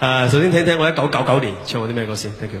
誒，uh，首先聽聽我一九九九年唱過啲咩歌先，thank you。